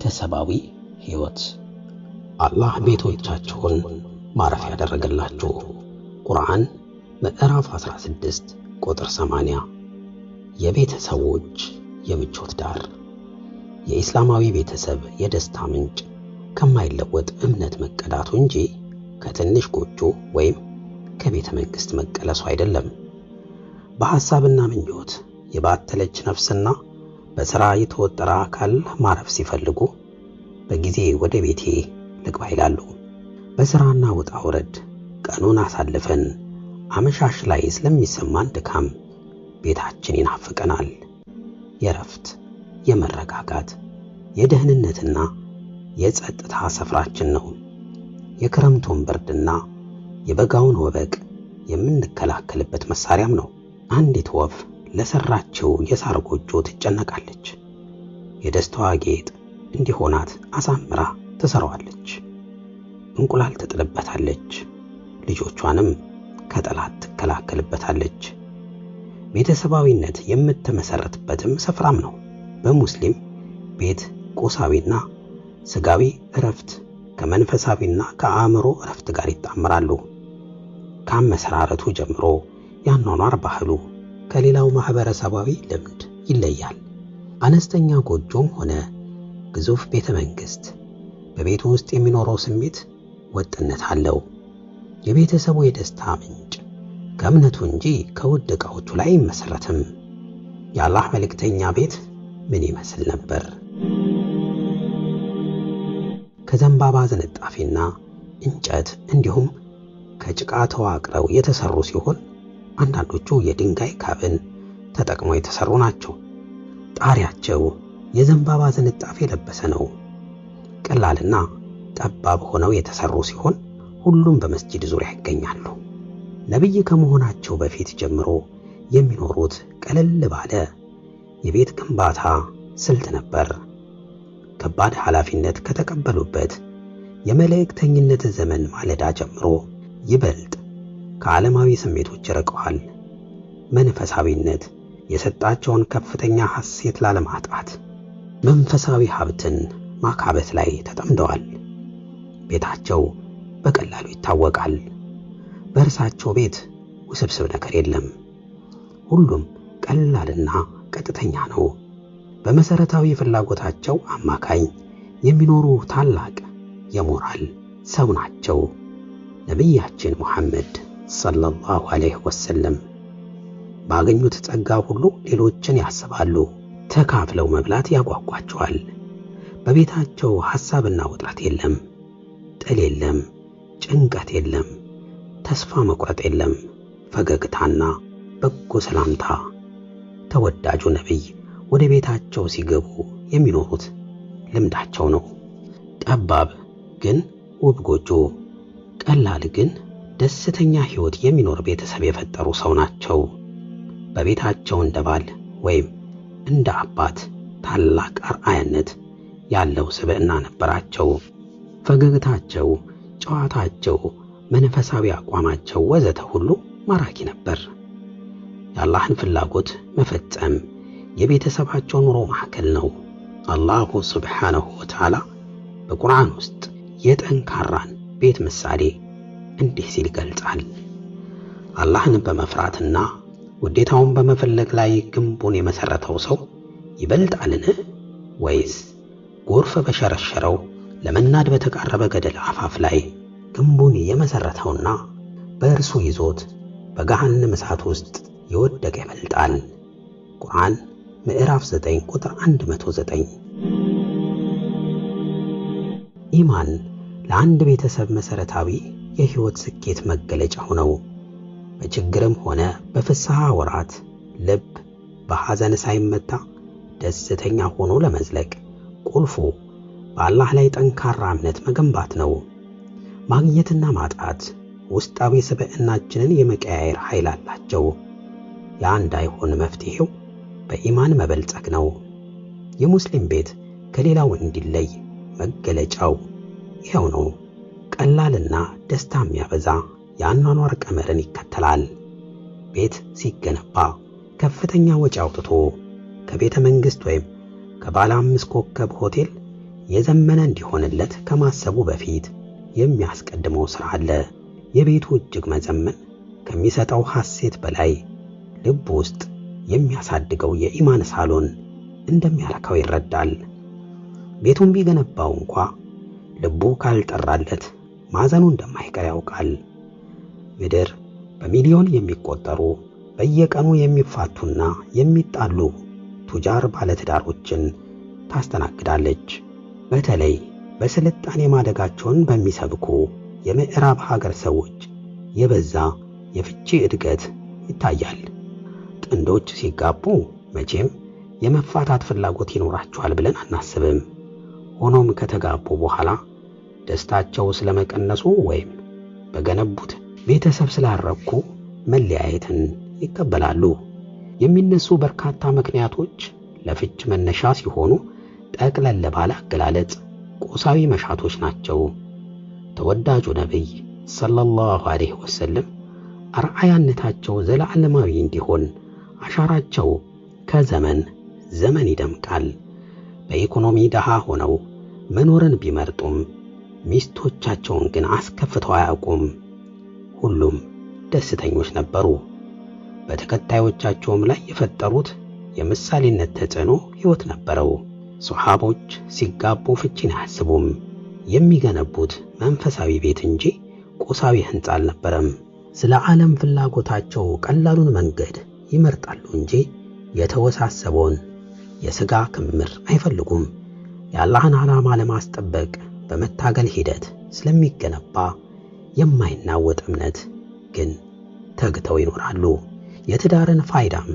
ቤተሰባዊ ሕይወት አላህ ቤቶቻችሁን ማረፍ ያደረገላችሁ። ቁርአን ምዕራፍ 16 ቁጥር 80። የቤተሰቦች የምቾት ዳር የኢስላማዊ ቤተሰብ የደስታ ምንጭ ከማይለወጥ እምነት መቀዳቱ እንጂ ከትንሽ ጎጆ ወይም ከቤተ መንግሥት መቀለሱ አይደለም። በሐሳብና ምኞት የባተለች ነፍስና በሥራ የተወጠረ አካል ማረፍ ሲፈልጉ በጊዜ ወደ ቤቴ ልግባ ይላሉ። በሥራና ውጣ ውረድ ቀኑን አሳልፈን አመሻሽ ላይ ስለሚሰማን ድካም ቤታችን ይናፍቀናል። የረፍት የመረጋጋት የደህንነትና የጸጥታ ስፍራችን ነው። የክረምቱን ብርድና የበጋውን ወበቅ የምንከላከልበት መሳሪያም ነው። አንዲት ወፍ ለሰራቸው የሳር ጎጆ ትጨነቃለች። የደስታዋ ጌጥ እንዲሆናት አሳምራ ትሰራዋለች። እንቁላል ትጥልበታለች፣ ልጆቿንም ከጠላት ትከላከልበታለች። ቤተሰባዊነት የምትመሰረትበትም ስፍራም ነው። በሙስሊም ቤት ቁሳዊና ስጋዊ እረፍት ከመንፈሳዊና ከአእምሮ እረፍት ጋር ይጣመራሉ። ካመሰራረቱ ጀምሮ ያኗኗር ባህሉ ከሌላው ማህበረሰባዊ ልምድ ይለያል። አነስተኛ ጎጆም ሆነ ግዙፍ ቤተ መንግስት በቤቱ ውስጥ የሚኖረው ስሜት ወጥነት አለው። የቤተሰቡ የደስታ ምንጭ ከእምነቱ እንጂ ከውድ ዕቃዎቹ ላይ አይመሰረትም። የአላህ መልእክተኛ ቤት ምን ይመስል ነበር? ከዘንባባ ዝንጣፊና እንጨት እንዲሁም ከጭቃ ተዋቅረው የተሰሩ ሲሆን አንዳንዶቹ የድንጋይ ካብን ተጠቅመው የተሰሩ ናቸው። ጣሪያቸው የዘንባባ ዝንጣፍ የለበሰ ነው። ቀላልና ጠባብ ሆነው የተሰሩ ሲሆን ሁሉም በመስጂድ ዙሪያ ይገኛሉ። ነብይ ከመሆናቸው በፊት ጀምሮ የሚኖሩት ቀለል ባለ የቤት ግንባታ ስልት ነበር። ከባድ ኃላፊነት ከተቀበሉበት የመልእክተኝነት ዘመን ማለዳ ጀምሮ ይበልጥ ከዓለማዊ ስሜቶች ርቀዋል። መንፈሳዊነት የሰጣቸውን ከፍተኛ ሐሴት ላለማጣት መንፈሳዊ ሀብትን ማካበት ላይ ተጠምደዋል። ቤታቸው በቀላሉ ይታወቃል። በእርሳቸው ቤት ውስብስብ ነገር የለም። ሁሉም ቀላልና ቀጥተኛ ነው። በመሰረታዊ ፍላጎታቸው አማካኝ የሚኖሩ ታላቅ የሞራል ሰው ናቸው። ነቢያችን ሙሐመድ ሰለላሁ ዐለይሂ ወሰለም ባገኙት ጸጋ ሁሉ ሌሎችን ያስባሉ። ተካፍለው መብላት ያጓጓቸዋል። በቤታቸው ሐሳብና ውጥረት የለም፣ ጥል የለም፣ ጭንቀት የለም፣ ተስፋ መቁረጥ የለም። ፈገግታና በጎ ሰላምታ። ተወዳጁ ነቢይ ወደ ቤታቸው ሲገቡ የሚኖሩት ልምዳቸው ነው። ጠባብ ግን ውብ ጎጆ፣ ቀላል ግን ደስተኛ ሕይወት የሚኖር ቤተሰብ የፈጠሩ ሰው ናቸው። በቤታቸው እንደ ባል ወይም እንደ አባት ታላቅ አርአያነት ያለው ስብዕና ነበራቸው። ፈገግታቸው፣ ጨዋታቸው፣ መንፈሳዊ አቋማቸው ወዘተ ሁሉ ማራኪ ነበር። የአላህን ፍላጎት መፈጸም የቤተሰባቸው ኑሮ ማዕከል ነው። አላሁ ስብሓነሁ ወተዓላ በቁርአን ውስጥ የጠንካራን ቤት ምሳሌ እንዲህ ሲል ይገልጻል። አላህን በመፍራትና ውዴታውን በመፈለግ ላይ ግንቡን የመሰረተው ሰው ይበልጣልን? ወይስ ጎርፍ በሸረሸረው ለመናድ በተቃረበ ገደል አፋፍ ላይ ግንቡን የመሰረተውና በእርሱ ይዞት በገሃነም እሳት ውስጥ የወደቀ ይበልጣል? ቁርአን ምዕራፍ 9 ቁጥር 109። ኢማን ለአንድ ቤተሰብ መሰረታዊ የሕይወት ስኬት መገለጫው ነው። በችግርም ሆነ በፍስሐ ወራት ልብ በሐዘን ሳይመታ ደስተኛ ሆኖ ለመዝለቅ ቁልፉ በአላህ ላይ ጠንካራ እምነት መገንባት ነው። ማግኘትና ማጣት ውስጣዊ ስብዕናችንን የመቀያየር ኃይል አላቸው። ያ እንዳይሆን መፍትሄው በኢማን መበልጸግ ነው። የሙስሊም ቤት ከሌላው እንዲለይ መገለጫው ይኸው ነው። ቀላልና ደስታ የሚያበዛ የአኗኗር ቀመርን ይከተላል። ቤት ሲገነባ ከፍተኛ ወጪ አውጥቶ ከቤተ መንግሥት ወይም ከባለ አምስት ኮከብ ሆቴል የዘመነ እንዲሆንለት ከማሰቡ በፊት የሚያስቀድመው ሥራ አለ። የቤቱ እጅግ መዘመን ከሚሰጠው ሐሴት በላይ ልብ ውስጥ የሚያሳድገው የኢማን ሳሎን እንደሚያረካው ይረዳል። ቤቱን ቢገነባው እንኳ ልቡ ካልጠራለት ማዘኑ እንደማይቀር ያውቃል። ምድር በሚሊዮን የሚቆጠሩ በየቀኑ የሚፋቱና የሚጣሉ ቱጃር ባለትዳሮችን ታስተናግዳለች። በተለይ በስልጣኔ ማደጋቸውን በሚሰብኩ የምዕራብ ሀገር ሰዎች የበዛ የፍቺ እድገት ይታያል። ጥንዶች ሲጋቡ መቼም የመፋታት ፍላጎት ይኖራቸዋል ብለን አናስብም። ሆኖም ከተጋቡ በኋላ ደስታቸው ስለመቀነሱ ወይም በገነቡት ቤተሰብ ስላረኩ መለያየትን ይቀበላሉ። የሚነሱ በርካታ ምክንያቶች ለፍች መነሻ ሲሆኑ ጠቅለል ባለ አገላለጽ ቁሳዊ መሻቶች ናቸው። ተወዳጁ ነቢይ ሰለላሁ ዐለይሂ ወሰለም አርአያነታቸው ዘላለማዊ እንዲሆን አሻራቸው ከዘመን ዘመን ይደምቃል። በኢኮኖሚ ደሃ ሆነው መኖርን ቢመርጡም ሚስቶቻቸውን ግን አስከፍተው አያውቁም። ሁሉም ደስተኞች ነበሩ። በተከታዮቻቸውም ላይ የፈጠሩት የምሳሌነት ተጽዕኖ ሕይወት ነበረው። ሶሓቦች ሲጋቡ ፍቺን አያስቡም። የሚገነቡት መንፈሳዊ ቤት እንጂ ቁሳዊ ሕንፃ አልነበረም። ስለ ዓለም ፍላጎታቸው ቀላሉን መንገድ ይመርጣሉ እንጂ የተወሳሰበውን የሥጋ ክምር አይፈልጉም። የአላህን ዓላማ ለማስጠበቅ በመታገል ሂደት ስለሚገነባ የማይናወጥ እምነት ግን ተግተው ይኖራሉ። የትዳርን ፋይዳም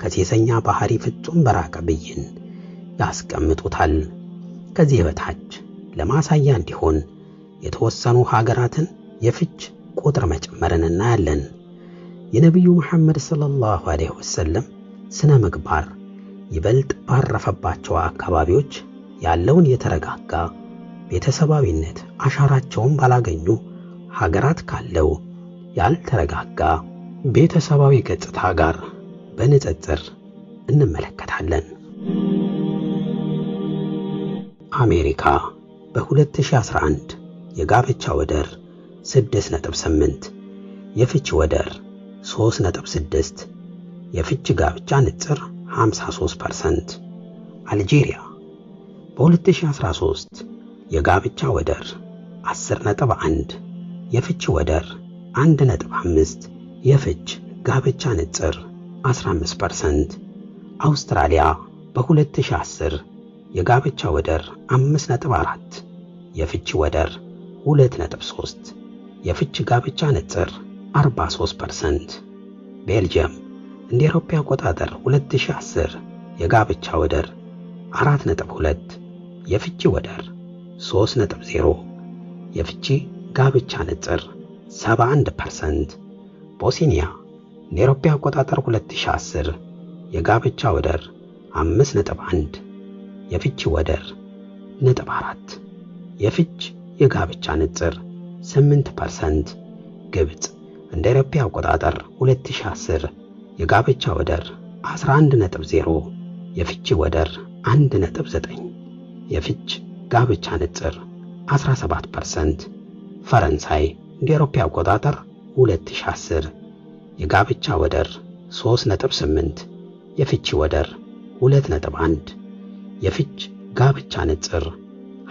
ከሴሰኛ ባህሪ ፍጹም በራቀ ብይን ያስቀምጡታል። ከዚህ በታች ለማሳያ እንዲሆን የተወሰኑ ሀገራትን የፍች ቁጥር መጨመርን እናያለን። የነቢዩ መሐመድ ሰለላሁ ዐለይሂ ወሰለም ስነ ምግባር ይበልጥ ባረፈባቸው አካባቢዎች ያለውን የተረጋጋ ቤተሰባዊነት አሻራቸውን ባላገኙ ሀገራት ካለው ያልተረጋጋ ቤተሰባዊ ገጽታ ጋር በንጽጽር እንመለከታለን። አሜሪካ በ2011 የጋብቻ ወደር 6.8 የፍቺ ወደር 3.6 የፍቺ ጋብቻ ንጽር 53% አልጄሪያ በ2013 የጋብቻ ወደር 10.1 የፍች ወደር 1.5 የፍች ጋብቻ ንጽር 15% አውስትራሊያ በ2010 የጋብቻ ወደር 5.4 የፍቺ ወደር 2.3 የፍች ጋብቻ ንጽር 43% ቤልጅየም እንደ አውሮፓ አቆጣጠር 2010 የጋብቻ ወደር 4.2 የፍቺ ወደር 3.0 የፍቺ ጋብቻ ንጥር 71% ቦስኒያ ለአውሮፓ አቆጣጠር 2010 የጋብቻ ወደር 5.1 የፍቺ ወደር ነጥብ 4 የፍች የጋብቻ ንጥር 8% ግብጽ እንደ አውሮፓ አቆጣጠር 2010 የጋብቻ ወደር 11.0 የፍቺ ወደር 1.9 የፍች ጋብቻ ንጥር 17% ፈረንሳይ እንደ አውሮፓ አቆጣጠር 2010 የጋብቻ ወደር 3.8 የፍቺ ወደር 2.1 የፍች ጋብቻ ንጥር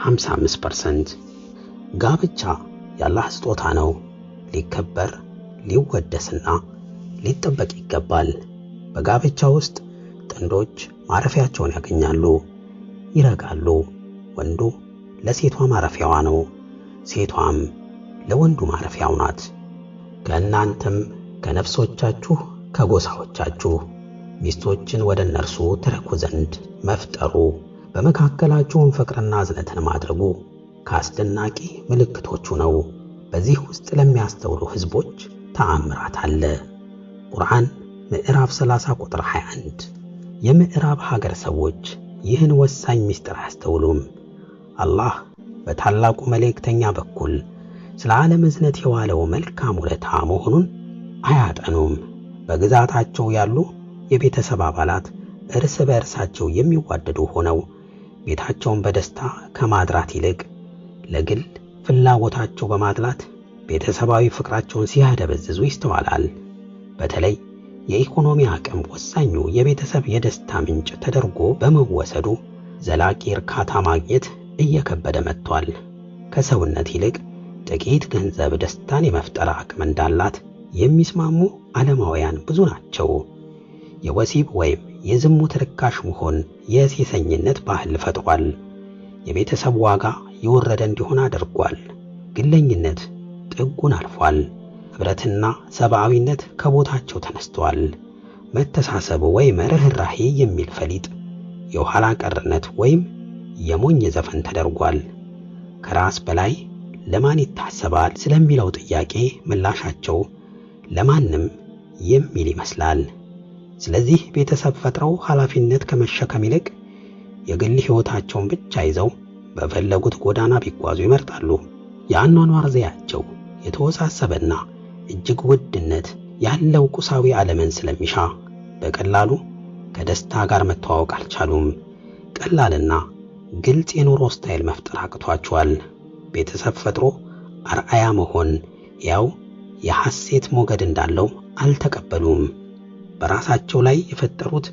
55% ጋብቻ የአላህ ስጦታ ነው። ሊከበር ሊወደስና ሊጠበቅ ይገባል። በጋብቻ ውስጥ ጥንዶች ማረፊያቸውን ያገኛሉ፣ ይረጋሉ ወንዱ ለሴቷ ማረፊያዋ ነው፣ ሴቷም ለወንዱ ማረፊያው ናት። ከእናንተም ከነፍሶቻችሁ ከጎሳዎቻችሁ ሚስቶችን ወደ እነርሱ ትረኩ ዘንድ መፍጠሩ በመካከላችሁም ፍቅርና እዝነትን ማድረጉ ከአስደናቂ ምልክቶቹ ነው። በዚህ ውስጥ ለሚያስተውሉ ሕዝቦች ተአምራት አለ። ቁርአን ምዕራፍ 30 ቁጥር 21። የምዕራብ ሀገር ሰዎች ይህን ወሳኝ ምስጢር አያስተውሉም። አላህ በታላቁ መልእክተኛ በኩል ስለ ዓለም እዝነት የዋለው መልካም ውለታ መሆኑን አያጠኑም። በግዛታቸው ያሉ የቤተሰብ አባላት እርስ በእርሳቸው የሚዋደዱ ሆነው ቤታቸውን በደስታ ከማድራት ይልቅ ለግል ፍላጎታቸው በማድላት ቤተሰባዊ ፍቅራቸውን ሲያደበዝዙ ይስተዋላል። በተለይ የኢኮኖሚ አቅም ወሳኙ የቤተሰብ የደስታ ምንጭ ተደርጎ በመወሰዱ ዘላቂ እርካታ ማግኘት እየከበደ መጥቷል። ከሰውነት ይልቅ ጥቂት ገንዘብ ደስታን የመፍጠር አቅም እንዳላት የሚስማሙ ዓለማውያን ብዙ ናቸው። የወሲብ ወይም የዝሙት ርካሽ መሆን የሴሰኝነት ባህል ፈጥሯል። የቤተሰብ ዋጋ የወረደ እንዲሆን አድርጓል። ግለኝነት ጥጉን አልፏል። ኅብረትና ሰብአዊነት ከቦታቸው ተነስተዋል። መተሳሰብ ወይም ርኅራሄ የሚል ፈሊጥ የኋላ ቀርነት ወይም የሞኝ ዘፈን ተደርጓል። ከራስ በላይ ለማን ይታሰባል ስለሚለው ጥያቄ ምላሻቸው ለማንም የሚል ይመስላል። ስለዚህ ቤተሰብ ፈጥረው ኃላፊነት ከመሸከም ይልቅ የግል ሕይወታቸውን ብቻ ይዘው በፈለጉት ጎዳና ቢጓዙ ይመርጣሉ። የአኗኗር ዘያቸው የተወሳሰበና እጅግ ውድነት ያለው ቁሳዊ ዓለምን ስለሚሻ በቀላሉ ከደስታ ጋር መተዋወቅ አልቻሉም። ቀላልና ግልጽ የኑሮ ስታይል መፍጠር አቅቷቸዋል። ቤተሰብ ፈጥሮ አርአያ መሆን ያው የሐሴት ሞገድ እንዳለው አልተቀበሉም። በራሳቸው ላይ የፈጠሩት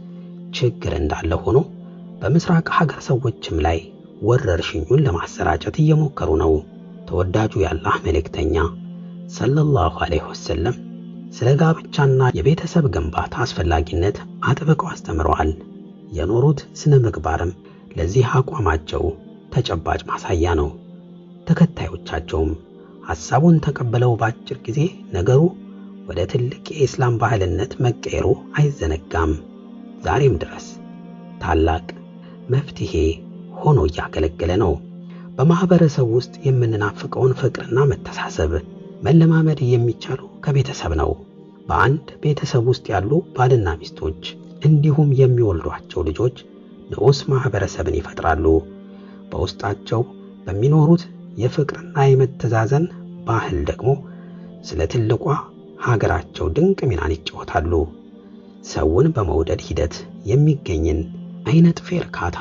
ችግር እንዳለ ሆኖ በምስራቅ ሀገር ሰዎችም ላይ ወረርሽኙን ለማሰራጨት እየሞከሩ ነው። ተወዳጁ የአላህ መልእክተኛ ሰለላሁ ዐለይሂ ወሰለም ስለ ጋብቻና የቤተሰብ ግንባታ አስፈላጊነት አጥብቀው አስተምረዋል። የኖሩት ስነ ምግባርም ለዚህ አቋማቸው ተጨባጭ ማሳያ ነው። ተከታዮቻቸውም ሐሳቡን ተቀበለው በአጭር ጊዜ ነገሩ ወደ ትልቅ የኢስላም ባህልነት መቀየሩ አይዘነጋም። ዛሬም ድረስ ታላቅ መፍትሄ ሆኖ እያገለገለ ነው። በማህበረሰብ ውስጥ የምንናፍቀውን ፍቅርና መተሳሰብ መለማመድ የሚቻለው ከቤተሰብ ነው። በአንድ ቤተሰብ ውስጥ ያሉ ባልና ሚስቶች እንዲሁም የሚወልዷቸው ልጆች ንዑስ ማኅበረሰብን ይፈጥራሉ። በውስጣቸው በሚኖሩት የፍቅርና የመተዛዘን ባህል ደግሞ ስለ ትልቋ ሀገራቸው ድንቅ ሚናን ይጫወታሉ። ሰውን በመውደድ ሂደት የሚገኝን አይነት እርካታ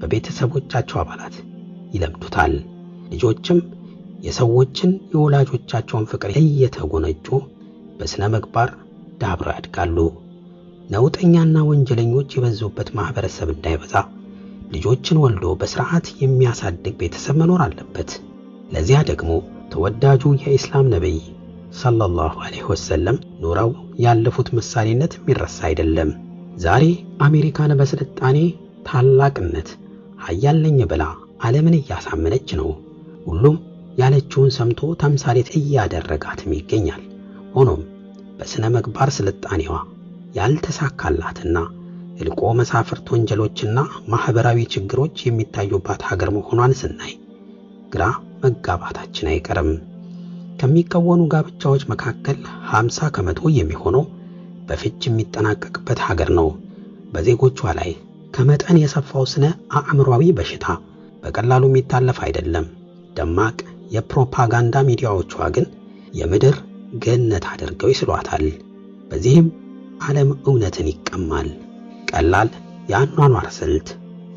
በቤተሰቦቻቸው አባላት ይለምዱታል። ልጆችም የሰዎችን የወላጆቻቸውን ፍቅር እየተጎነጩ በሥነ ምግባር ዳብረው ያድጋሉ። ነውጠኛና ወንጀለኞች የበዙበት ማህበረሰብ እንዳይበዛ ልጆችን ወልዶ በስርዓት የሚያሳድግ ቤተሰብ መኖር አለበት። ለዚያ ደግሞ ተወዳጁ የኢስላም ነቢይ ሰለላሁ ዐለይሂ ወሰለም ኑረው ያለፉት ምሳሌነት የሚረሳ አይደለም። ዛሬ አሜሪካን በስልጣኔ ታላቅነት አያለኝ ብላ ዓለምን እያሳመነች ነው። ሁሉም ያለችውን ሰምቶ ተምሳሌት እያደረጋትም ይገኛል። ሆኖም በሥነ ምግባር ስልጣኔዋ ያልተሳካላትና እልቆ መሳፍርት ወንጀሎችና ማኅበራዊ ችግሮች የሚታዩባት ሀገር መሆኗን ስናይ ግራ መጋባታችን አይቀርም። ከሚከወኑ ጋብቻዎች መካከል 50 ከመቶ የሚሆነው በፍች የሚጠናቀቅበት ሀገር ነው። በዜጎቿ ላይ ከመጠን የሰፋው ስነ አእምሯዊ በሽታ በቀላሉ የሚታለፍ አይደለም። ደማቅ የፕሮፓጋንዳ ሚዲያዎቿ ግን የምድር ገነት አድርገው ይስሏታል። በዚህም ዓለም እውነትን ይቀማል። ቀላል የአኗኗር ስልት፣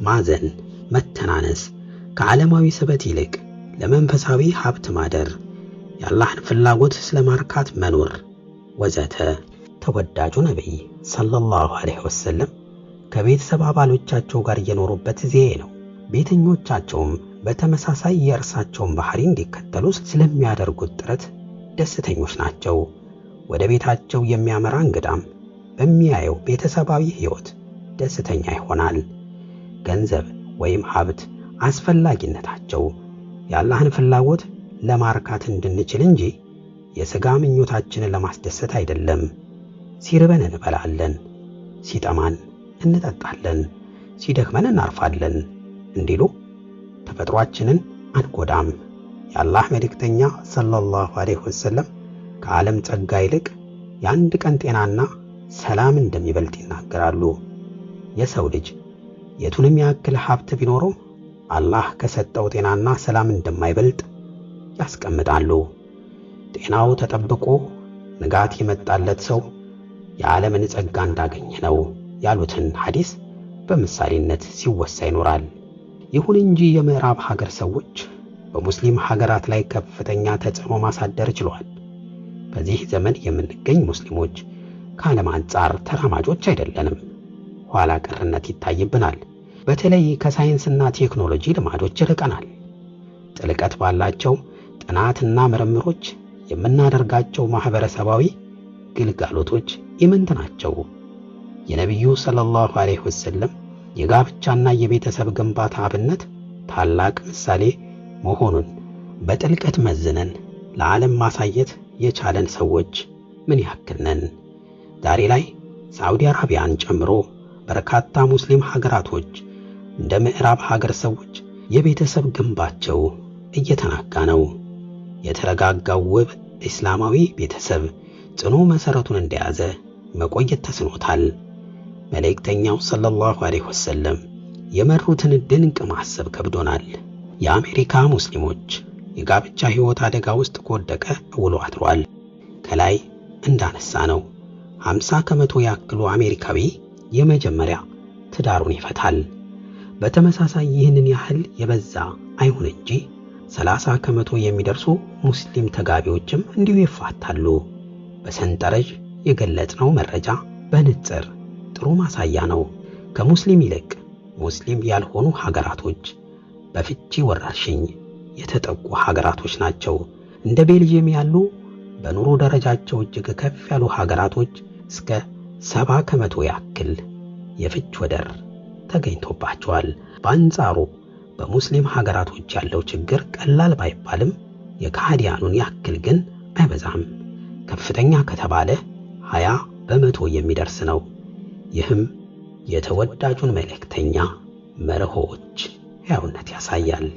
ማዘን፣ መተናነስ፣ ከዓለማዊ ስበት ይልቅ ለመንፈሳዊ ሀብት ማደር፣ የአላህን ፍላጎት ስለ ማርካት መኖር ወዘተ። ተወዳጁ ነቢይ ሰለላሁ ዐለይሂ ወሰለም ከቤተሰብ አባሎቻቸው ጋር እየኖሩበት ዜ ነው። ቤተኞቻቸውም በተመሳሳይ የእርሳቸውን ባህሪ እንዲከተሉ ስለሚያደርጉት ጥረት ደስተኞች ናቸው። ወደ ቤታቸው የሚያመራ እንግዳም በሚያየው ቤተሰባዊ ሕይወት ደስተኛ ይሆናል። ገንዘብ ወይም ሀብት አስፈላጊነታቸው የአላህን ፍላጎት ለማርካት እንድንችል እንጂ የሥጋ ምኞታችንን ለማስደሰት አይደለም። ሲርበን እንበላለን፣ ሲጠማን እንጠጣለን፣ ሲደክመን እናርፋለን እንዲሉ ተፈጥሯችንን አንጎዳም። የአላህ መልእክተኛ ሰለላሁ ዐለይሂ ወሰለም ከዓለም ጸጋ ይልቅ የአንድ ቀን ጤናና ሰላም እንደሚበልጥ ይናገራሉ። የሰው ልጅ የቱንም ያክል ሀብት ቢኖረው አላህ ከሰጠው ጤናና ሰላም እንደማይበልጥ ያስቀምጣሉ። ጤናው ተጠብቆ ንጋት የመጣለት ሰው የዓለምን ጸጋ እንዳገኘ ነው ያሉትን ሐዲስ በምሳሌነት ሲወሳ ይኖራል። ይሁን እንጂ የምዕራብ ሀገር ሰዎች በሙስሊም ሀገራት ላይ ከፍተኛ ተጽዕኖ ማሳደር ችለዋል። በዚህ ዘመን የምንገኝ ሙስሊሞች ከዓለም አንጻር ተራማጆች አይደለንም። ኋላ ቀርነት ይታይብናል። በተለይ ከሳይንስና ቴክኖሎጂ ልማዶች ይርቀናል። ጥልቀት ባላቸው ጥናትና ምርምሮች የምናደርጋቸው ማህበረሰባዊ ግልጋሎቶች ይምንት ናቸው። የነቢዩ ሰለላሁ ዐለይሂ ወሰለም የጋብቻና የቤተሰብ ግንባታ አብነት ታላቅ ምሳሌ መሆኑን በጥልቀት መዝነን ለዓለም ማሳየት የቻለን ሰዎች ምን ያክል ነን? ዛሬ ላይ ሳዑዲ አረቢያን ጨምሮ በርካታ ሙስሊም ሀገራቶች እንደ ምዕራብ ሀገር ሰዎች የቤተሰብ ግንባቸው እየተናጋ ነው። የተረጋጋው ውብ እስላማዊ ቤተሰብ ጽኑ መሠረቱን እንደያዘ መቆየት ተስኖታል። መልእክተኛው ሰለላሁ ዐለይሂ ወሰለም የመሩትን ድንቅ ማሰብ ከብዶናል። የአሜሪካ ሙስሊሞች የጋብቻ ሕይወት አደጋ ውስጥ ከወደቀ ውሎ አድሯል። ከላይ እንዳነሳ ነው 50 ከመቶ ያክሉ አሜሪካዊ የመጀመሪያ ትዳሩን ይፈታል። በተመሳሳይ ይህንን ያህል የበዛ አይሁን እንጂ 30 ከመቶ የሚደርሱ ሙስሊም ተጋቢዎችም እንዲሁ ይፋታሉ። በሰንጠረዥ የገለጽነው መረጃ በንጽር ጥሩ ማሳያ ነው። ከሙስሊም ይልቅ ሙስሊም ያልሆኑ ሀገራቶች በፍቺ ወረርሽኝ የተጠቁ ሀገራቶች ናቸው። እንደ ቤልጅየም ያሉ በኑሮ ደረጃቸው እጅግ ከፍ ያሉ ሀገራቶች እስከ ሰባ ከመቶ ያክል የፍች ወደር ተገኝቶባቸዋል። በአንጻሩ በሙስሊም ሀገራቶች ያለው ችግር ቀላል ባይባልም የካህዲያኑን ያክል ግን አይበዛም። ከፍተኛ ከተባለ ሀያ በመቶ የሚደርስ ነው። ይህም የተወዳጁን መልእክተኛ መርሆች ሕያውነት ያሳያል።